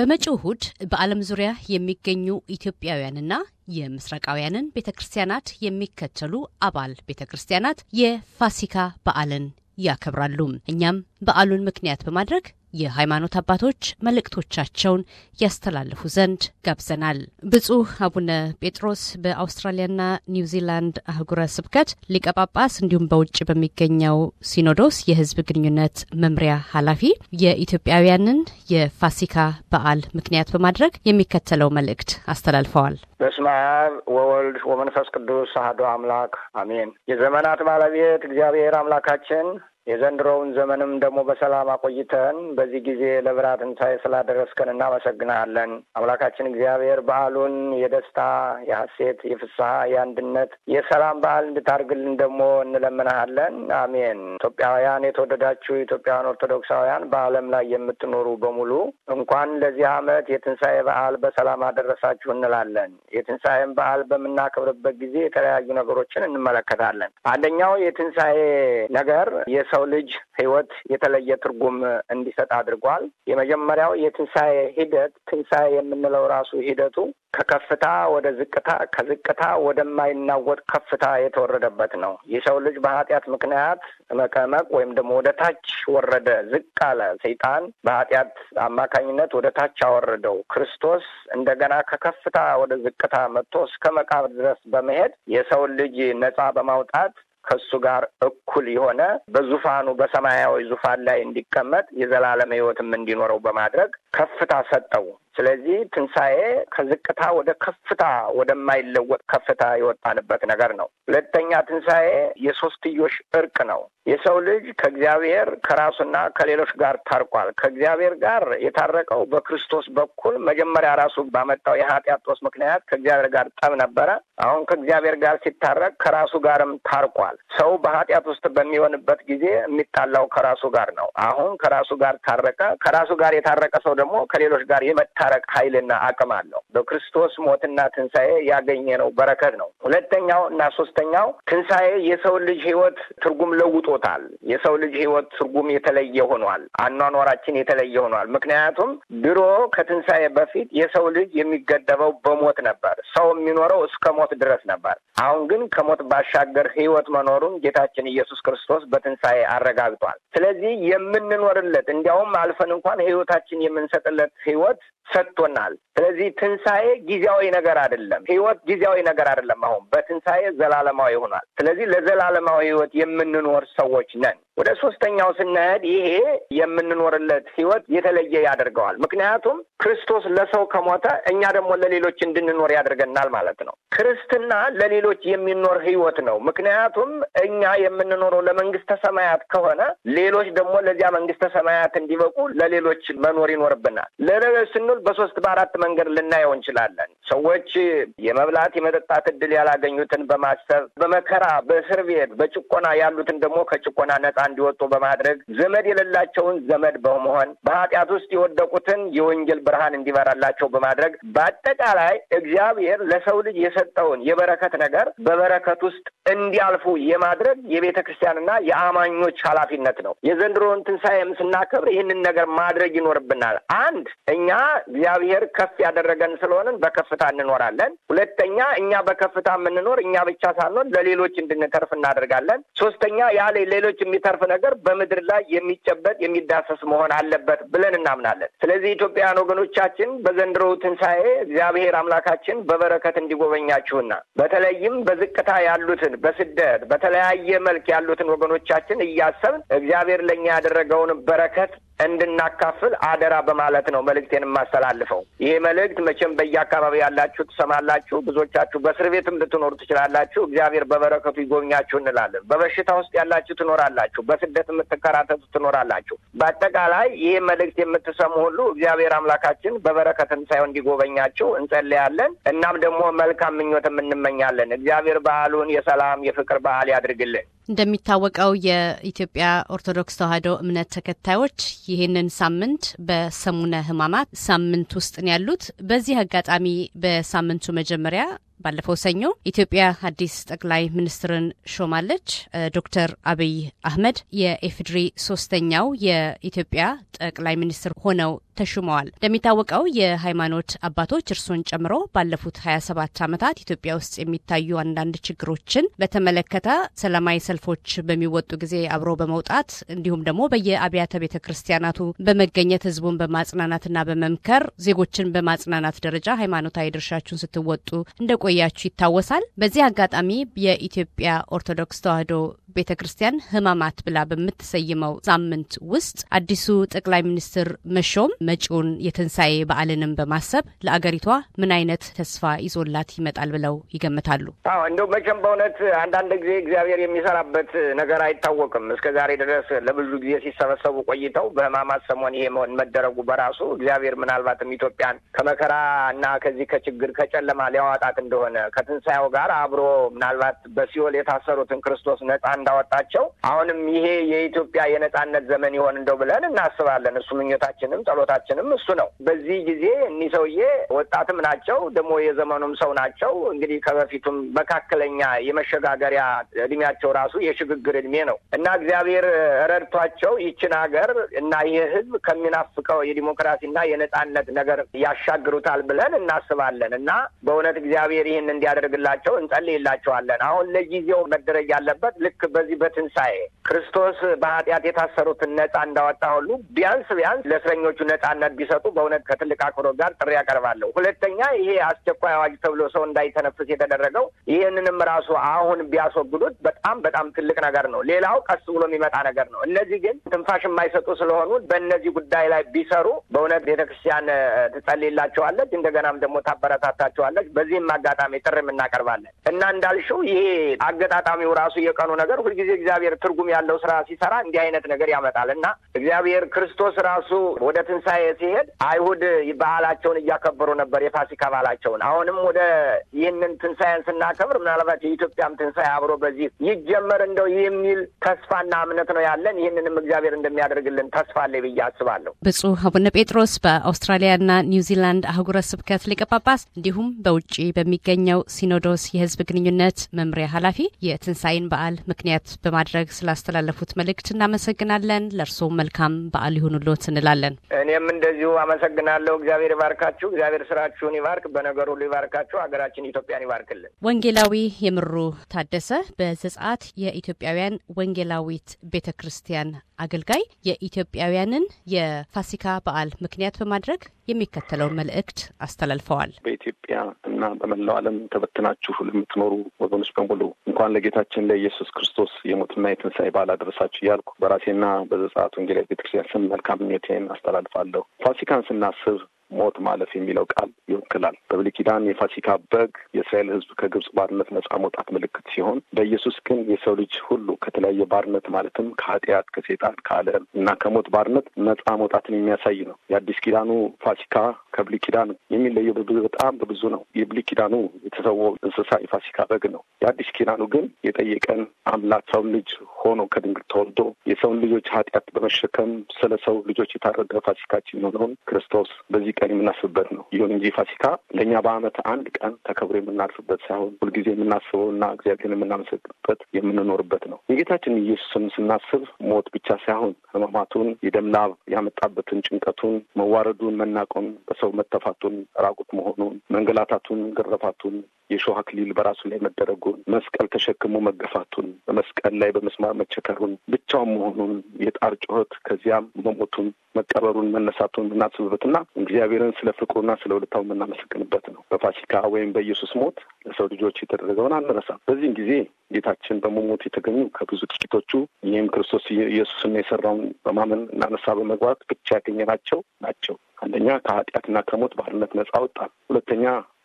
በመጪው እሁድ በዓለም ዙሪያ የሚገኙ ኢትዮጵያውያንና የምስራቃውያንን ቤተ ክርስቲያናት የሚከተሉ አባል ቤተ ክርስቲያናት የፋሲካ በዓልን ያከብራሉ። እኛም በዓሉን ምክንያት በማድረግ የሃይማኖት አባቶች መልእክቶቻቸውን ያስተላልፉ ዘንድ ጋብዘናል። ብጹህ አቡነ ጴጥሮስ በአውስትራሊያና ኒውዚላንድ አህጉረ ስብከት ሊቀ ጳጳስ እንዲሁም በውጭ በሚገኘው ሲኖዶስ የህዝብ ግንኙነት መምሪያ ኃላፊ የኢትዮጵያውያንን የፋሲካ በዓል ምክንያት በማድረግ የሚከተለው መልእክት አስተላልፈዋል። በስመ አብ ወወልድ ወመንፈስ ቅዱስ አህዶ አምላክ አሜን። የዘመናት ባለቤት እግዚአብሔር አምላካችን የዘንድሮውን ዘመንም ደግሞ በሰላም አቆይተን በዚህ ጊዜ ለብርሃነ ትንሣኤ ስላደረስከን እናመሰግናለን። አምላካችን እግዚአብሔር በዓሉን የደስታ፣ የሐሴት፣ የፍስሐ፣ የአንድነት፣ የሰላም በዓል እንድታርግልን ደግሞ እንለምናሃለን። አሜን። ኢትዮጵያውያን፣ የተወደዳችሁ ኢትዮጵያውያን ኦርቶዶክሳውያን በዓለም ላይ የምትኖሩ በሙሉ እንኳን ለዚህ ዓመት የትንሣኤ በዓል በሰላም አደረሳችሁ እንላለን። የትንሣኤን በዓል በምናከብርበት ጊዜ የተለያዩ ነገሮችን እንመለከታለን። አንደኛው የትንሣኤ ነገር ለሰው ልጅ ህይወት የተለየ ትርጉም እንዲሰጥ አድርጓል። የመጀመሪያው የትንሣኤ ሂደት ትንሣኤ የምንለው ራሱ ሂደቱ ከከፍታ ወደ ዝቅታ ከዝቅታ ወደማይናወጥ ከፍታ የተወረደበት ነው። የሰው ልጅ በኃጢአት ምክንያት መቀመቅ ወይም ደግሞ ወደ ታች ወረደ፣ ዝቅ አለ። ሰይጣን በኃጢአት አማካኝነት ወደ ታች አወረደው። ክርስቶስ እንደገና ከከፍታ ወደ ዝቅታ መጥቶ እስከ መቃብር ድረስ በመሄድ የሰው ልጅ ነጻ በማውጣት ከሱ ጋር እኩል የሆነ በዙፋኑ በሰማያዊ ዙፋን ላይ እንዲቀመጥ የዘላለም ሕይወትም እንዲኖረው በማድረግ ከፍታ ሰጠው። ስለዚህ ትንሣኤ ከዝቅታ ወደ ከፍታ ወደማይለወጥ ከፍታ የወጣንበት ነገር ነው። ሁለተኛ ትንሣኤ የሶስትዮሽ እርቅ ነው። የሰው ልጅ ከእግዚአብሔር ከራሱና ከሌሎች ጋር ታርቋል። ከእግዚአብሔር ጋር የታረቀው በክርስቶስ በኩል መጀመሪያ ራሱ ባመጣው የኃጢአት ጦስ ምክንያት ከእግዚአብሔር ጋር ጠብ ነበረ። አሁን ከእግዚአብሔር ጋር ሲታረቅ ከራሱ ጋርም ታርቋል። ሰው በኃጢአት ውስጥ በሚሆንበት ጊዜ የሚጣላው ከራሱ ጋር ነው። አሁን ከራሱ ጋር ታረቀ። ከራሱ ጋር የታረቀ ሰው ደግሞ ከሌሎች ጋር የመታ የማስታረቅ ኃይልና አቅም አለው። በክርስቶስ ሞትና ትንሣኤ ያገኘነው በረከት ነው። ሁለተኛው እና ሶስተኛው ትንሣኤ የሰው ልጅ ህይወት ትርጉም ለውጦታል። የሰው ልጅ ህይወት ትርጉም የተለየ ሆኗል። አኗኗራችን የተለየ ሆኗል። ምክንያቱም ድሮ ከትንሣኤ በፊት የሰው ልጅ የሚገደበው በሞት ነበር። ሰው የሚኖረው እስከ ሞት ድረስ ነበር። አሁን ግን ከሞት ባሻገር ህይወት መኖሩን ጌታችን ኢየሱስ ክርስቶስ በትንሣኤ አረጋግጧል። ስለዚህ የምንኖርለት እንዲያውም አልፈን እንኳን ህይወታችን የምንሰጥለት ህይወት ሰጥቶናል። ስለዚህ ትንሣኤ ጊዜያዊ ነገር አይደለም። ህይወት ጊዜያዊ ነገር አይደለም። አሁን በትንሣኤ ዘላለማዊ ይሆናል። ስለዚህ ለዘላለማዊ ህይወት የምንኖር ሰዎች ነን። ወደ ሶስተኛው ስናሄድ ይሄ የምንኖርለት ህይወት የተለየ ያደርገዋል። ምክንያቱም ክርስቶስ ለሰው ከሞተ እኛ ደግሞ ለሌሎች እንድንኖር ያደርገናል ማለት ነው። ክርስትና ለሌሎች የሚኖር ህይወት ነው። ምክንያቱም እኛ የምንኖረው ለመንግስተ ሰማያት ከሆነ ሌሎች ደግሞ ለዚያ መንግስተ ሰማያት እንዲበቁ ለሌሎች መኖር ይኖርብናል። ለሌሎች ስንል በሶስት በአራት መንገድ ልናየው እንችላለን። ሰዎች የመብላት የመጠጣት እድል ያላገኙትን በማሰብ በመከራ በእስር ቤት በጭቆና ያሉትን ደግሞ ከጭቆና ነጻ እንዲወጡ በማድረግ ዘመድ የሌላቸውን ዘመድ በመሆን በኃጢአት ውስጥ የወደቁትን የወንጌል ብርሃን እንዲበራላቸው በማድረግ በአጠቃላይ እግዚአብሔር ለሰው ልጅ የሰጠውን የበረከት ነገር በበረከት ውስጥ እንዲያልፉ የማድረግ የቤተ ክርስቲያንና የአማኞች ኃላፊነት ነው። የዘንድሮውን ትንሣኤም ስናከብር ይህንን ነገር ማድረግ ይኖርብናል። አንድ እኛ እግዚአብሔር ከፍ ያደረገን ስለሆንን በከፍ በከፍታ እንኖራለን። ሁለተኛ እኛ በከፍታ የምንኖር እኛ ብቻ ሳንሆን ለሌሎች እንድንተርፍ እናደርጋለን። ሶስተኛ ያ ሌሎች የሚተርፍ ነገር በምድር ላይ የሚጨበጥ የሚዳሰስ መሆን አለበት ብለን እናምናለን። ስለዚህ ኢትዮጵያውያን ወገኖቻችን በዘንድሮ ትንሣኤ እግዚአብሔር አምላካችን በበረከት እንዲጎበኛችሁና በተለይም በዝቅታ ያሉትን በስደት በተለያየ መልክ ያሉትን ወገኖቻችን እያሰብን እግዚአብሔር ለእኛ ያደረገውን በረከት እንድናካፍል አደራ በማለት ነው መልእክቴን የማስተላልፈው። ይህ መልእክት መቼም በየአካባቢ ያላችሁ ትሰማላችሁ። ብዙዎቻችሁ በእስር ቤትም ልትኖሩ ትችላላችሁ። እግዚአብሔር በበረከቱ ይጎብኛችሁ እንላለን። በበሽታ ውስጥ ያላችሁ ትኖራላችሁ። በስደት የምትከራተቱ ትኖራላችሁ። በአጠቃላይ ይህ መልእክት የምትሰሙ ሁሉ እግዚአብሔር አምላካችን በበረከት ሳይሆን እንዲጎበኛችሁ እንጸልያለን። እናም ደግሞ መልካም ምኞትም እንመኛለን። እግዚአብሔር በዓሉን የሰላም የፍቅር በዓል ያድርግልን። እንደሚታወቀው የኢትዮጵያ ኦርቶዶክስ ተዋሕዶ እምነት ተከታዮች ይህንን ሳምንት በሰሙነ ሕማማት ሳምንት ውስጥ ነው ያሉት። በዚህ አጋጣሚ በሳምንቱ መጀመሪያ ባለፈው ሰኞ ኢትዮጵያ አዲስ ጠቅላይ ሚኒስትርን ሾማለች። ዶክተር አብይ አህመድ የኤፍድሪ ሶስተኛው የኢትዮጵያ ጠቅላይ ሚኒስትር ሆነው ተሹመዋል። እንደሚታወቀው የሃይማኖት አባቶች እርሶን ጨምሮ ባለፉት 27 ዓመታት ኢትዮጵያ ውስጥ የሚታዩ አንዳንድ ችግሮችን በተመለከተ ሰላማዊ ሰልፎች በሚወጡ ጊዜ አብሮ በመውጣት እንዲሁም ደግሞ በየአብያተ ቤተ ክርስቲያናቱ በመገኘት ህዝቡን በማጽናናትና በመምከር ዜጎችን በማጽናናት ደረጃ ሃይማኖታዊ ድርሻችሁን ስትወጡ እንደቆ እንደቆያችሁ ይታወሳል። በዚህ አጋጣሚ የኢትዮጵያ ኦርቶዶክስ ተዋሕዶ ቤተ ክርስቲያን ህማማት ብላ በምትሰይመው ሳምንት ውስጥ አዲሱ ጠቅላይ ሚኒስትር መሾም መጪውን የትንሣኤ በዓልንም በማሰብ ለአገሪቷ ምን አይነት ተስፋ ይዞላት ይመጣል ብለው ይገምታሉ? አዎ እንደው መቼም በእውነት አንዳንድ ጊዜ እግዚአብሔር የሚሰራበት ነገር አይታወቅም። እስከ ዛሬ ድረስ ለብዙ ጊዜ ሲሰበሰቡ ቆይተው በህማማት ሰሞን ይሄ መሆን መደረጉ በራሱ እግዚአብሔር ምናልባትም ኢትዮጵያን ከመከራ እና ከዚህ ከችግር ከጨለማ ሊያዋጣት እንደሆነ ከትንሣኤው ጋር አብሮ ምናልባት በሲኦል የታሰሩትን ክርስቶስ ነጻ እንዳወጣቸው አሁንም ይሄ የኢትዮጵያ የነጻነት ዘመን ይሆን እንደው ብለን እናስባለን። እሱ ምኞታችንም ጸሎታችንም እሱ ነው። በዚህ ጊዜ እኒህ ሰውዬ ወጣትም ናቸው ደግሞ የዘመኑም ሰው ናቸው። እንግዲህ ከበፊቱም መካከለኛ የመሸጋገሪያ እድሜያቸው ራሱ የሽግግር እድሜ ነው እና እግዚአብሔር ረድቷቸው ይችን ሀገር እና ይህ ህዝብ ከሚናፍቀው የዲሞክራሲና የነጻነት ነገር ያሻግሩታል ብለን እናስባለን እና በእውነት እግዚአብሔር ይህን እንዲያደርግላቸው እንጸልይላቸዋለን። አሁን ለጊዜው መደረግ ያለበት ልክ በዚህ በትንሣኤ ክርስቶስ በኃጢአት የታሰሩትን ነጻ እንዳወጣ ሁሉ ቢያንስ ቢያንስ ለእስረኞቹ ነጻነት ቢሰጡ በእውነት ከትልቅ አክብሮት ጋር ጥሪ ያቀርባለሁ። ሁለተኛ ይሄ አስቸኳይ አዋጅ ተብሎ ሰው እንዳይተነፍስ የተደረገው ይህንንም ራሱ አሁን ቢያስወግዱት በጣም በጣም ትልቅ ነገር ነው። ሌላው ቀስ ብሎ የሚመጣ ነገር ነው። እነዚህ ግን ትንፋሽ የማይሰጡ ስለሆኑ በእነዚህ ጉዳይ ላይ ቢሰሩ በእውነት ቤተክርስቲያን ትጸልይላቸዋለች፣ እንደገናም ደግሞ ታበረታታቸዋለች። በዚህም አጋጣሚ ጥር እናቀርባለን እና እንዳልሽው ይሄ አገጣጣሚው ራሱ የቀኑ ነገር ሁልጊዜ እግዚአብሔር ትርጉም ያለው ስራ ሲሰራ እንዲህ አይነት ነገር ያመጣል እና እግዚአብሔር ክርስቶስ ራሱ ወደ ትንሣኤ ሲሄድ አይሁድ በዓላቸውን እያከበሩ ነበር፣ የፋሲካ በዓላቸውን። አሁንም ወደ ይህንን ትንሣኤን ስናከብር ምናልባት የኢትዮጵያም ትንሣኤ አብሮ በዚህ ይጀመር እንደው የሚል ተስፋና እምነት ነው ያለን። ይህንንም እግዚአብሔር እንደሚያደርግልን ተስፋ አለኝ ብዬ አስባለሁ። ብፁዕ አቡነ ጴጥሮስ በአውስትራሊያና ኒውዚላንድ አህጉረ ስብከት ሊቀ ጳጳስ እንዲሁም በውጭ በሚገኘው ሲኖዶስ የህዝብ ግንኙነት መምሪያ ኃላፊ የትንሣኤን በዓል ምክንያት ምክንያት በማድረግ ስላስተላለፉት መልእክት እናመሰግናለን። ለእርስዎም መልካም በዓል ይሁንልዎት እንላለን። እኔም እንደዚሁ አመሰግናለሁ። እግዚአብሔር ይባርካችሁ። እግዚአብሔር ስራችሁን ይባርክ፣ በነገሩ ይባርካችሁ፣ ሀገራችን ኢትዮጵያን ይባርክልን። ወንጌላዊ የምሩ ታደሰ በዘጸአት የኢትዮጵያውያን ወንጌላዊት ቤተ ክርስቲያን አገልጋይ የኢትዮጵያውያንን የፋሲካ በዓል ምክንያት በማድረግ የሚከተለውን መልእክት አስተላልፈዋል። በኢትዮጵያ እና በመላው ዓለም ተበትናችሁ ለምትኖሩ ወገኖች በሙሉ እንኳን ለጌታችን ለኢየሱስ ክርስቶስ ክርስቶስ የሞትና የትንሣኤ በዓል አደረሳችሁ እያልኩ በራሴና በዘጸአት ወንጌላዊት ቤተክርስቲያን ስም መልካም ምኞቴን አስተላልፋለሁ። ፋሲካን ስናስብ ሞት ማለፍ የሚለው ቃል ይወክላል። በብሉይ ኪዳን የፋሲካ በግ የእስራኤል ሕዝብ ከግብጽ ባርነት ነጻ መውጣት ምልክት ሲሆን በኢየሱስ ግን የሰው ልጅ ሁሉ ከተለያየ ባርነት ማለትም ከኃጢአት፣ ከሴጣን፣ ከዓለም እና ከሞት ባርነት ነጻ መውጣትን የሚያሳይ ነው። የአዲስ ኪዳኑ ፋሲካ ከብሉይ ኪዳን የሚለየው በጣም በብዙ ነው። የብሉይ ኪዳኑ የተሰዋው እንስሳ የፋሲካ በግ ነው። የአዲስ ኪዳኑ ግን የጠየቀን አምላክ ሰውን ልጅ ሆኖ ከድንግል ተወልዶ የሰውን ልጆች ኃጢአት በመሸከም ስለ ሰው ልጆች የታረደ ፋሲካችን የሆነውን ክርስቶስ በዚህ ቀን የምናስብበት ነው። ይሁን እንጂ ፋሲካ ለእኛ በዓመት አንድ ቀን ተከብሮ የምናልፍበት ሳይሆን ሁልጊዜ የምናስበው ና እግዚአብሔርን የምናመሰግንበት የምንኖርበት ነው። የጌታችን ኢየሱስን ስናስብ ሞት ብቻ ሳይሆን ሕማማቱን የደም ላብ ያመጣበትን ጭንቀቱን፣ መዋረዱን፣ መናቆን፣ በሰው መተፋቱን፣ ራቁት መሆኑን፣ መንገላታቱን፣ ግረፋቱን፣ የሾህ አክሊል በራሱ ላይ መደረጉን፣ መስቀል ተሸክሞ መገፋቱን፣ በመስቀል ላይ በመስማር መቸከሩን፣ ብቻውን መሆኑን፣ የጣር ጩኸት ከዚያም መሞቱን፣ መቀበሩን፣ መነሳቱን የምናስብበትና እግዚአብሔር እግዚአብሔርን ስለ ፍቅሩና ስለ ውለታው የምናመሰግንበት ነው። በፋሲካ ወይም በኢየሱስ ሞት ለሰው ልጆች የተደረገውን አንረሳም። በዚህም ጊዜ ጌታችን በመሞት የተገኙ ከብዙ ጥቂቶቹ ይህም ክርስቶስ ኢየሱስና የሰራውን በማመን እና ንስሐ በመግባት ብቻ ያገኘናቸው ናቸው። አንደኛ ከኃጢአትና ከሞት ባርነት ነጻ ወጣን። ሁለተኛ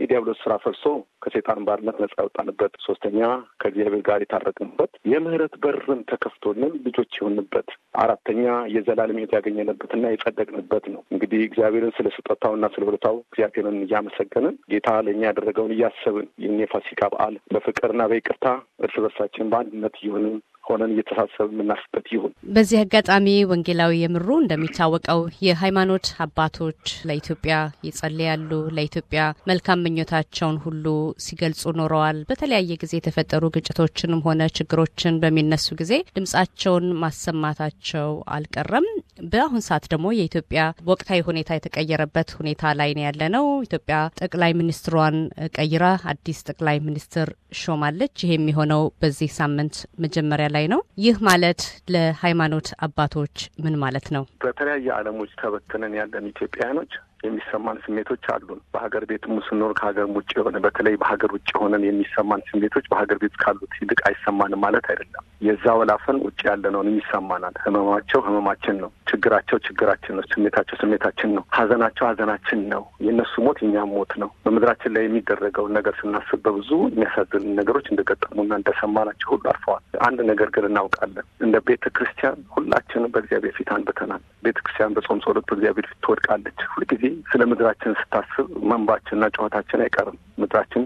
የዲያብሎስ ስራ ፈርሶ ከሴጣን ባርነት ነጻ ያወጣንበት፣ ሶስተኛ ከእግዚአብሔር ጋር የታረቅንበት፣ የምህረት በርም ተከፍቶልን ልጆች የሆንበት፣ አራተኛ የዘላለም ሕይወት ያገኘንበትና የጸደቅንበት ነው። እንግዲህ እግዚአብሔርን ስለ ስጦታውና ስለ ውለታው እግዚአብሔርን እያመሰገንን ጌታ ለእኛ ያደረገውን እያሰብን ይህን የፋሲካ በዓል በፍቅርና በይቅርታ እርስ በርሳችን በአንድነት እየሆንን ሆነን እየተሳሰብ የምናስበት ይሁን። በዚህ አጋጣሚ ወንጌላዊ የምሩ እንደሚታወቀው የሃይማኖት አባቶች ለኢትዮጵያ ይጸልያሉ፣ ለኢትዮጵያ መልካም ምኞታቸውን ሁሉ ሲገልጹ ኖረዋል። በተለያየ ጊዜ የተፈጠሩ ግጭቶችንም ሆነ ችግሮችን በሚነሱ ጊዜ ድምጻቸውን ማሰማታቸው አልቀረም። በአሁን ሰዓት ደግሞ የኢትዮጵያ ወቅታዊ ሁኔታ የተቀየረበት ሁኔታ ላይ ነው ያለ ነው። ኢትዮጵያ ጠቅላይ ሚኒስትሯን ቀይራ አዲስ ጠቅላይ ሚኒስትር ሾማለች። ይሄ የሚሆነው በዚህ ሳምንት መጀመሪያ ላይ ነው። ይህ ማለት ለሃይማኖት አባቶች ምን ማለት ነው? በተለያየ ዓለሞች ተበትነን ያለን ኢትዮጵያውያኖች የሚሰማን ስሜቶች አሉን። በሀገር ቤትም ስንኖር ከሀገር ውጭ የሆነ በተለይ በሀገር ውጭ የሆነን የሚሰማን ስሜቶች በሀገር ቤት ካሉት ይልቅ አይሰማንም ማለት አይደለም። የዛ ወላፈን ውጭ ነውን ይሰማናል። ህመማቸው ህመማችን ነው፣ ችግራቸው ችግራችን ነው፣ ስሜታቸው ስሜታችን ነው፣ ሀዘናቸው ሀዘናችን ነው። የእነሱ ሞት የኛም ሞት ነው። በምድራችን ላይ የሚደረገውን ነገር ስናስብ በብዙ የሚያሳዝን ነገሮች እንደገጠሙና እንደሰማናቸው ሁሉ አልፈዋል። አንድ ነገር ግን እናውቃለን። እንደ ቤተ ክርስቲያን ሁላችንም በእግዚአብሔር ፊት አንብተናል። ቤተ ክርስቲያን በጾም ጸሎት በእግዚአብሔር ፊት ትወድቃለች ሁልጊዜ ስለ ምድራችን ስታስብ መንባችንና ጨዋታችን አይቀርም። ምድራችን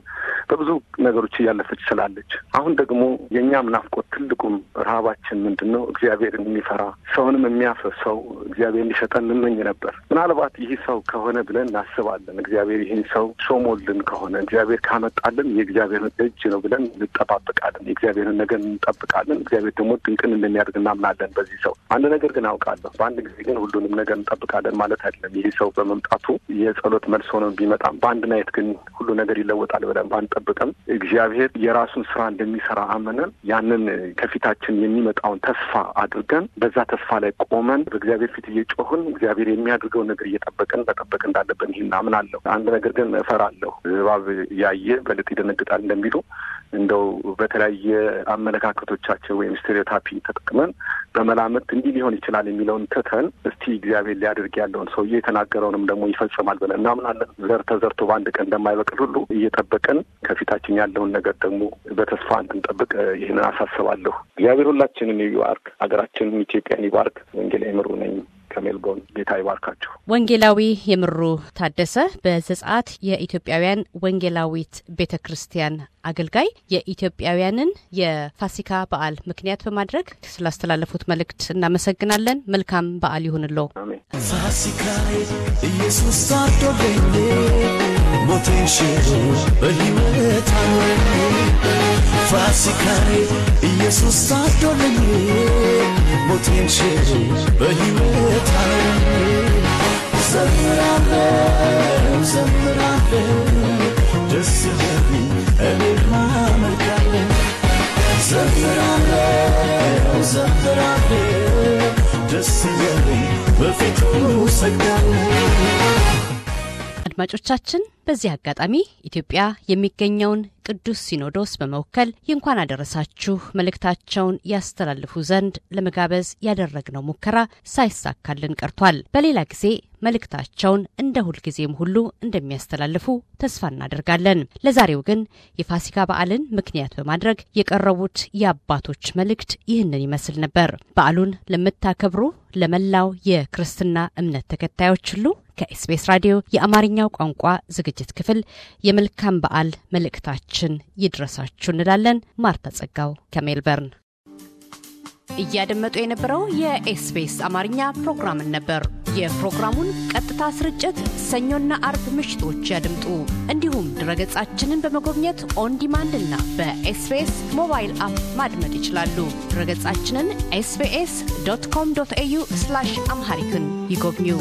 በብዙ ነገሮች እያለፈች ስላለች አሁን ደግሞ የእኛም ናፍቆት ትልቁም ረሀባችን ምንድን ነው? እግዚአብሔርን የሚፈራ ሰውንም የሚያፍር ሰው እግዚአብሔር እንዲሰጠን እንመኝ ነበር። ምናልባት ይህ ሰው ከሆነ ብለን እናስባለን። እግዚአብሔር ይህን ሰው ሾሞልን ከሆነ እግዚአብሔር ካመጣልን የእግዚአብሔር እጅ ነው ብለን እንጠባበቃለን። የእግዚአብሔርን ነገር እንጠብቃለን። እግዚአብሔር ደግሞ ድንቅን እንደሚያደርግ እናምናለን። በዚህ ሰው አንድ ነገር ግን አውቃለሁ። በአንድ ጊዜ ግን ሁሉንም ነገር እንጠብቃለን ማለት አይደለም። ይህ ሰው በመምጣ መምጣቱ የጸሎት መልስ ሆኖ ቢመጣም በአንድ ናየት ግን ሁሉ ነገር ይለወጣል ብለን ባንጠብቅም እግዚአብሔር የራሱን ስራ እንደሚሰራ አምነን ያንን ከፊታችን የሚመጣውን ተስፋ አድርገን በዛ ተስፋ ላይ ቆመን በእግዚአብሔር ፊት እየጮህን እግዚአብሔር የሚያድርገው ነገር እየጠበቅን መጠበቅ እንዳለብን ይህን አምናለሁ። አንድ ነገር ግን እፈራለሁ። እባብ ያየ በልጥ ይደነግጣል እንደሚሉ እንደው በተለያየ አመለካከቶቻቸው ወይም ስቴሪዮታፒ ተጠቅመን በመላመት እንዲህ ሊሆን ይችላል የሚለውን ትተን እስቲ እግዚአብሔር ሊያደርግ ያለውን ሰውዬ የተናገረውንም ደግሞ ይፈጽማል ብለን እናምናለን። ዘር ተዘርቶ በአንድ ቀን እንደማይበቅል ሁሉ እየጠበቅን ከፊታችን ያለውን ነገር ደግሞ በተስፋ እንድንጠብቅ ይህንን አሳስባለሁ። እግዚአብሔር ሁላችንን ይባርክ፣ ሀገራችንን ኢትዮጵያን ይባርክ። ወንጌላዊ ምሩ ነኝ ከሜልቦርን ጌታ ይባርካችሁ። ወንጌላዊ የምሩ ታደሰ በዘጸአት የኢትዮጵያውያን ወንጌላዊት ቤተ ክርስቲያን አገልጋይ የኢትዮጵያውያንን የፋሲካ በዓል ምክንያት በማድረግ ስላስተላለፉት መልእክት እናመሰግናለን። መልካም በዓል ይሁንለው። ፋሲካ ኢየሱስ ሳዶገኝ ሞቴን ሽሮ በህይወት አኖረኝ ፋሲካ ኢየሱስ ሳዶለኝ ሞቴን ሽሮ በህይወት አመሰግናለሁ። አድማጮቻችን በዚህ አጋጣሚ ኢትዮጵያ የሚገኘውን ቅዱስ ሲኖዶስ በመወከል የእንኳን አደረሳችሁ መልእክታቸውን ያስተላልፉ ዘንድ ለመጋበዝ ያደረግነው ሙከራ ሳይሳካልን ቀርቷል። በሌላ ጊዜ መልእክታቸውን እንደ ሁልጊዜም ሁሉ እንደሚያስተላልፉ ተስፋ እናደርጋለን። ለዛሬው ግን የፋሲካ በዓልን ምክንያት በማድረግ የቀረቡት የአባቶች መልእክት ይህንን ይመስል ነበር። በዓሉን ለምታከብሩ ለመላው የክርስትና እምነት ተከታዮች ሁሉ ከኤስቢኤስ ራዲዮ የአማርኛው ቋንቋ ዝግጅት ዝግጅት ክፍል የመልካም በዓል መልእክታችን ይድረሳችሁ እንላለን። ማርታ ጸጋው ከሜልበርን እያደመጡ የነበረው የኤስቢኤስ አማርኛ ፕሮግራምን ነበር። የፕሮግራሙን ቀጥታ ስርጭት ሰኞና አርብ ምሽቶች ያድምጡ። እንዲሁም ድረገጻችንን በመጎብኘት ኦን ዲማንድ እና በኤስቢኤስ ሞባይል አፕ ማድመጥ ይችላሉ። ድረገጻችንን ኤስቢኤስ ዶት ኮም ዶት ኤዩ አምሃሪክን ይጎብኙ።